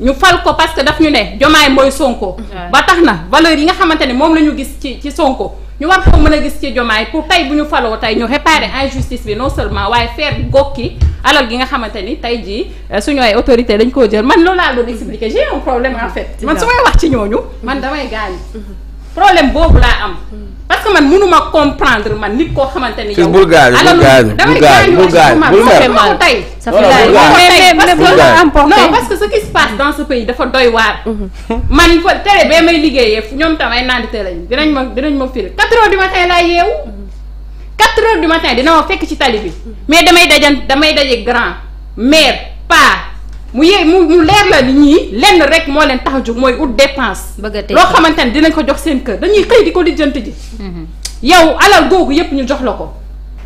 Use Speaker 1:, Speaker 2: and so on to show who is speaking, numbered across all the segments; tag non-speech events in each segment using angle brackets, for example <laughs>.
Speaker 1: ñu fal ko parce que daf ñu ne jomaay mooy Sonko. ba tax na valeur yi nga xamante ne moom la ñu gis ci ci Sonko ñu war ko mën a gis ci jomaay pour tey bu ñu faloo tey ñu réparer injustice bi non seulement waaye faire gokki alal gi nga xamante ni tey jii euh, suñu ay autorité dañ koo jël man loolu laa doon expliquer j'ai un problème en man su may wax ci ñooñu. Mm-hmm. man damay gaañ. Mm-hmm. problème boobu laa am. parce que man mënu ma comprendre man nit koo xamante ni yow. bul gaañu bul gaañu bul gaañu bul gaañu bul gaañu tey. non parce que ce qui se passe dans ce pays dafa doy waar. Mhm. man fa tere bee may liggéeyee ñoom tam ay naandite lañu dinañ ma dinañ ma firi 4 heures du matin laa yeewu. 4 mhm. heures du matin dina ma fekk ci tali bi. Mhm. mais damay dajan damay daje grand mère pa mu yee mu mu leer la li ñii lenn rek moo leen tax a jóg mooy ut dépense. loo xamante ne dinañ ko jox seen kër dañuy xëy di ko lijjanti ji. Mm-hmm. yow alal googu yépp ñu jox la ko.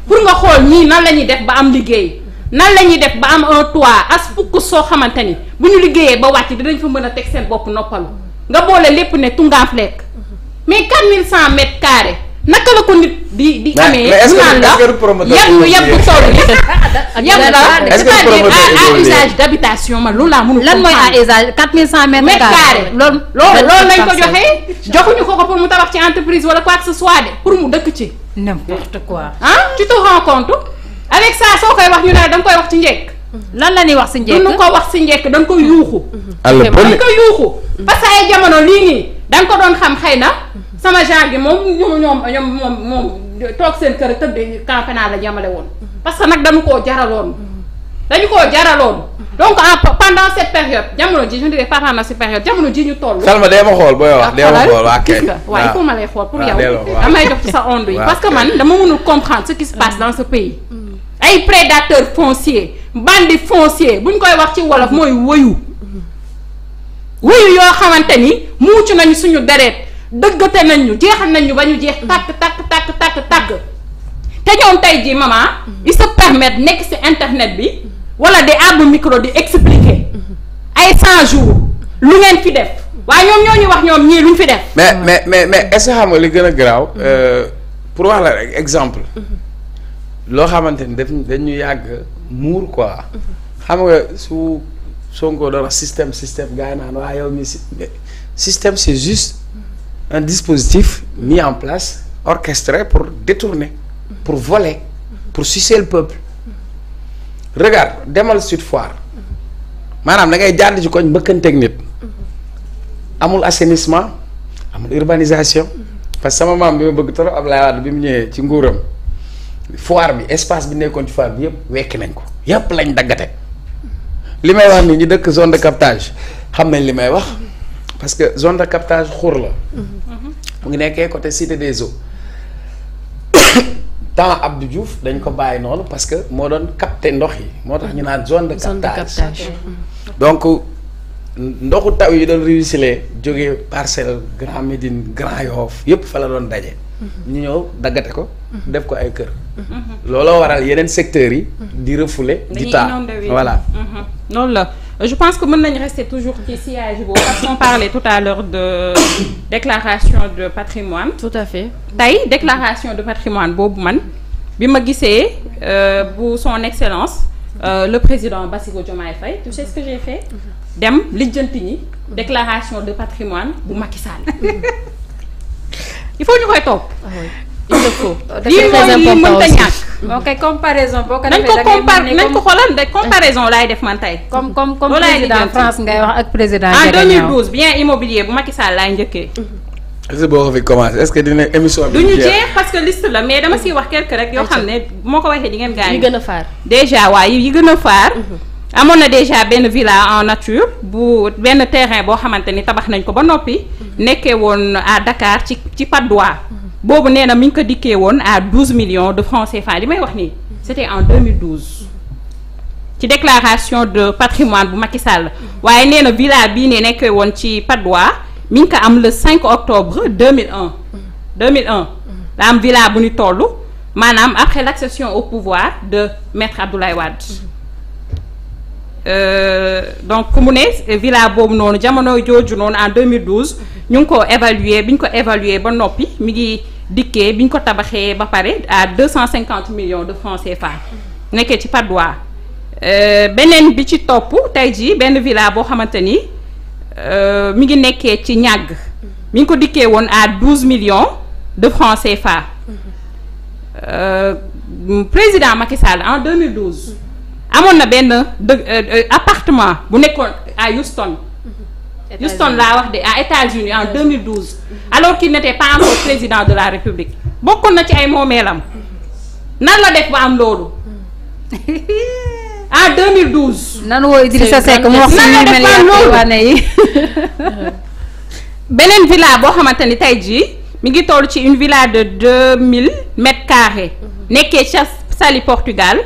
Speaker 1: pour nga xool ñii nan la ñuy def ba am liggéey nan la ñuy def ba am un toit as fukk soo xamante ni bu ñu liggéeyee ba wàcc dinañ fa mën a teg seen bopp noppalu nga boole lépp ne tungaam lekk mm-hmm. mais 4100 mètres carrés. naka la ko nit di di amee. mais est-ce que promoteur bi yab bu toll nii. la <laughs> c'est-à-dire à usage d'habitation ma loolu laa mënul. lan mooy à usage 4100 mètres carrés. loolu loolu lañ ko joxee. joxuñu ko ko pour mu tabax ci entreprise wala quoi que ce soit de pour mu dëkk ci. n'importe quoi. ah tu te rends compte avec ça soo koy wax ñu ne da koy wax ci njëkk. lan la ñuy wax si njëkk duñu ko wax si njëkk da nga koy yuuxu. àll ko yuuxu. parce que ay jamono lii nii da ko doon xam xëy na sama genre gi moom ñoom ñoom moom moom toog seen kër tëdd camp naa la jàmmale woon. parce que nag dañu koo jaraloon. dañu koo jaraloon. donc en pendant cette période jamono ji je dirais pas pendant cette période jamono ji ñu toll. Salma dee ma xool booy wax dee ma xool waa kay waaw il ma lay xool pour yow. damay jox sa onde yi parce que man dama mënul comprendre ce qui se passe dans ce pays. ay prédateurs fonciers bandits fonciers bu ñu koy wax ci wolof mooy wëyu. wëyu yoo xamante ni muucu nañu suñu deret. dëggate nañ ñu jeexal nañ ñu ba ñu jeex mm-hmm. tàkk tàkk tàkk tàkk tàkk te ñoom tey jii maman mm-hmm. il se permettre nekk si internet bi mm-hmm. wala di àbb micro di expliquer ay 100 jours lu ngeen fi def waaye ñoom ñoo ñu wax ñoom ñii luñ fi def.
Speaker 2: mais mais mais mais est-ce que xam nga li gën a garaaw. Euh, pour wax la rek exemple. loo xamante ni daf dañu yàgg muur quoi. xam nga su Sonko doon système système gars yi naan waa yow mi système c'est juste. un dispositif mis en place orchestré pour détourner pour voler pour sucer le peuple regarde demal Sud Foire maanaam da ngay jàdd ci koñ mbëkkanteeg nit amul assainissement amul urbanisation parce que sama maam bi ma bëgg trop Abdoulaye Wade bi mu ñëwee ci nguuram foire bi espace bi nekkoon ci foire bi yëpp wekki nañ ko yëpp lañ daggate li may wax ni ñu dëkk zone de captage xam nañ li may wax parce que zone de captage xur la. Mhm. mu ngi nekkee côté cité des eaux. <coughs> temps Abdou Diouf dañ ko bàyyi noonu parce que moo doon capter ndox yi moo tax ñu naan zone de captage donc ndoxu taw yi doon ruisselé jóge parcelle Grand Médine Grand Yoff yëpp fa la doon daje. Mhm. ñu ñëw daggate ko. Mhm. def ko ay kër. looloo waral yeneen secteurs yi. di refoulé di taa voilà.
Speaker 1: je pense que mën nañu rester toujours ci sillage boobu parce qu'on tout à l'heure de <coughs> déclaration de patrimoine tout à fait tey déclaration de patrimoine boobu man bi ma gisee euh, bu son excellence euh, le président Bassirou Diomaye Faye tu sais que j'ai fait dem lijjanti ñi déclaration de patrimoine bu Macky Sall <laughs> il faut ñu koy topp ah il le faut. Oh, lii mooy lii mënta ñàkk. ok comparaison boo ko defee da ngay nañ ko de comparaison laay def man tey. comme comme comme président France ngay wax ak président. en 2012 bien immobilier bu Macky Sall njëkkee.
Speaker 2: est ko fi émission bi. du ñu jeex
Speaker 1: parce que liste la mais dama siy wax quelque rek yoo xam ne moo ko waxee di ngeen gaañ. yi gën a faar déjà waaye yi gën a faar. Mhm. amoon na déjà benn villa en nature bu benn terrain boo xamante ni tabax nañ ko ba noppi. Mhm. nekkee woon à Dakar ci ci Patte d'Oie boobu nee na mi ngi ko dikkee woon à 12 millions de francs CFA li may wax nii c'était en 2012 ci déclaration de patrimoine bu Macky Sall waaye nee na villa bii ne nekkee woon ci Patte d'Oie ngi ko am le 5 octobre 2001 2001 la am villa bu ñu toll maanaam après l'accession au pouvoir de maître Abdoulaye Wade euh, donc ku mu ne villa boobu noonu jamono jooju noonu en 2012 ñu ngi ko évaluer bi ñu ko évaluer ba noppi mi ngi dikkee bi ñu ko tabaxee ba pare à deux cent cinquante millions de francs CFA nekkee ci Patte d'Oie euh, beneen bi ci topp tey jii benn villa boo xamante ni euh, mi ngi nekkee ci ñàgg mi ngi ko dikkee woon à douze millions de francs CFA euh, président Macky Sall en 2012 amoon na benn dë appartement bu nekkoon à Houston Houston laa wax de à États-Unis en 2012 alors qu'il n'était pas encore président de la République bokkoon na ci ay moomeelam nan la def ba am loolu <laughs> en 2012. nan woo Idrissa Seck mu wax nan la def ba am loolu <laughs> beneen villa boo xamante ni tey jii mi ngi toll ci une villa de 2000 mètres carrés mhm. nekkee ca Saly Portugal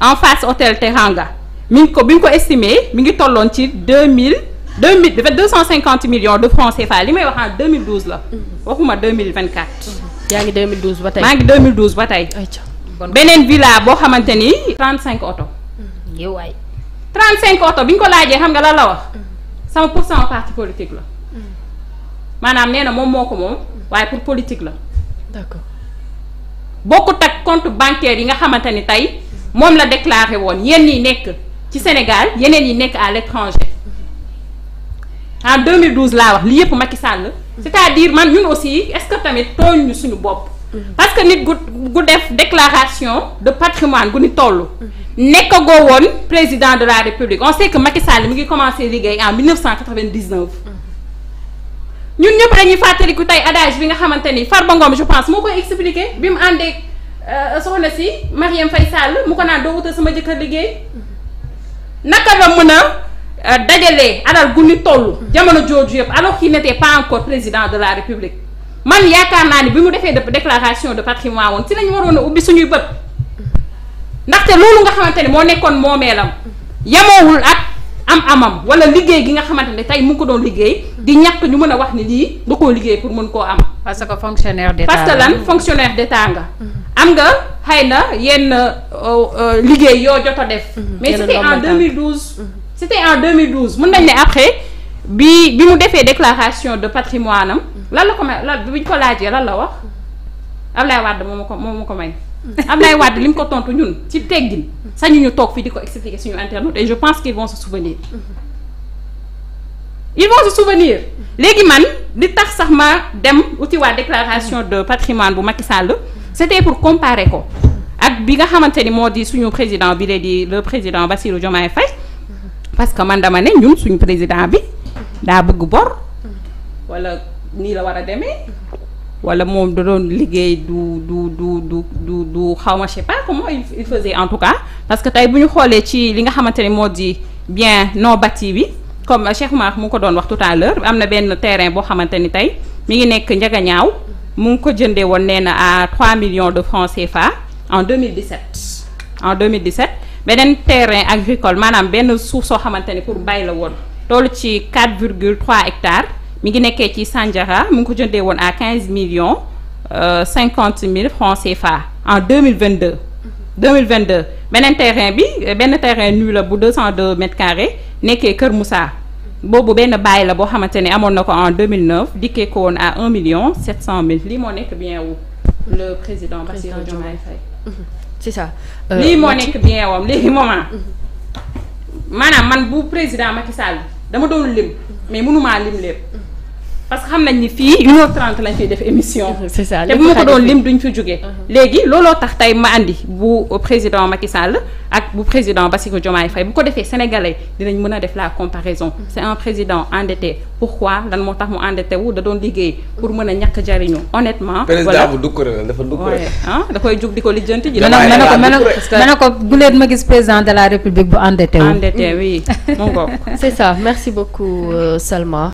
Speaker 1: en face hôtel Teranga mu ngi ko bi ñu ko estimé mi ngi tolloon ci 2000. deux mille dafa deux cinquante millions de francs CFA li may wax en deux mille douze la. waxuma deux mille vingt quatre. yaa ngi deux mille douze ba tey. maa ngi deux mille douze ba tey. beneen villa boo xamante ni. trente cinq oto. Mm-hmm. yow waay. trente cinq oto bi ñu ko laajee xam nga lan la wax. Mm-hmm. sama pour cent parti politique la. Mm-hmm. maanaam nee na moom moo ko moom. waaye pour politique la. d'accord bokkut ak compte bancaire yi nga xamante ni tey moom la déclaré woon yéen ñi nekk ci Sénégal yeneen yi nekk à l'étranger. en 2012 laa wax li yëpp Macky Sall. c'est-à-dire man ñun aussi est-ce que tamit tooñ ñu suñu bopp. parce que nit gu gu def déclaration de patrimoine gu ni toll. nekkagoo woon président de la république on sait que Macky Sall ngi commencé liggéey en 1999. ñun ñëpp dañuy fàttaliku tey adage bi nga xamante ni Farba Ngom je pense moo koy expliqué bi mu àndee euh, soxla si Marième Faye Sall mu ko naan doo wutal sama jëkkër liggéey naka la mën a. Euh, dajalee alal gu ñu toll jamono jooju yëpp alors qu'il n'était pas encore président de la république man yaakaar naa ni bi mu defee déclaration de patrimoine woon si lañ waroon a ubbi suñuy bët ndaxte loolu nga xamante ne moo nekkoon moomeelam yamoowul ak am-amam wala liggéey gi nga xamante ne tey mu ngi ko doon liggéey di ñàkk ñu mën a wax ni lii da koo liggéey pour mën koo am. parce que fonctionnaire d'état parce lan fonctionnaire d'état nga. Mm-hmm. am nga xëy na yenn euh, euh, liggéey yoo jot a def. Mm-hmm. mais c'était en 2012 mën nañ ne après bi bi mu defee déclaration de patrimoine am mm-hmm. lan la ko may lan bi ñu ko laajee lan la wax Ablaye Wade moo moom ko moom ma ko may. Ablaye Wade li mu ko tontu ñun ci teggin mm-hmm. sañu toog fii di ko expliquer suñu internaute et je pense qu'ils vont se souvenir. Mm-hmm. ils vont se souvenir léegi man li tax sax ma dem uti waa déclaration de patrimoine bu Macky Sall c'était pour comparer ko ak bi nga xamante ni moo di suñu président bi lee di le président ba Bassirou Diomaye Faye parce que man dama ne ñun suñu président bi daa bëgg bor wala nii la war a demee wala moom da doon liggéey du du du du du du xaw ma je sais pas comment il faisait en tout cas parce que tey bu ñu xoolee ci li nga xamante ne moo di bien non bâti bi comme Cheikh mu ngi ko doon wax tout am na benn terrain boo xamante ni tey mi ngi nekk Njagañaaw mu ngi ko jëndee woon nee na à 3 millions de francs CFA en 2017 en 2017. beneen terrain agricole maanaam benn suuf soo xamante ne pour bàyyi la woon toll ci 4 virgule 3 hectares mi ngi nekkee ci Sandiara mu ngi ko jëndee woon à 15 millions euh, 50 mille francs CFA en 2022. 2022 beneen terrain bi benn terrain nu la bu deux mètres carré nekkee Kër Moussa boobu benn bàyyi la boo xamante ne amoon na ko en mille 2009 dikkee ko woon à 1 million 700 mille lii moo nekk bien wu le président Bassirou c'est ça euh, lii moo nekk bien wam léegi moment maanaam man bu président Macky Sall dama doon lim mais mënumaa lim lépp parce que xam nañ ni fii une heure trente lañ fiy def émission. c'est ça te bu ma ko doon lim duñ fi jógee. Uh-huh. léegi looloo tax tey ma andi bu président Macky Sall ak bu président Bassirou Diomaye Faye bu ko defee sénégalais dinañ mën a def la comparaison. Uh-huh. c'est un président endetté pourquoi lan moo tax mu endetté wu da doon liggéey pour mën a ñàkk jariñu honnêtement. président
Speaker 2: bu dugg rek dafa dugg rek.
Speaker 1: ah da koy jug di ko lijjanti ji. damay ko mën a ko guleet ma gis président de la république bu endetté wu. endetté oui <laughs> mu ngoog.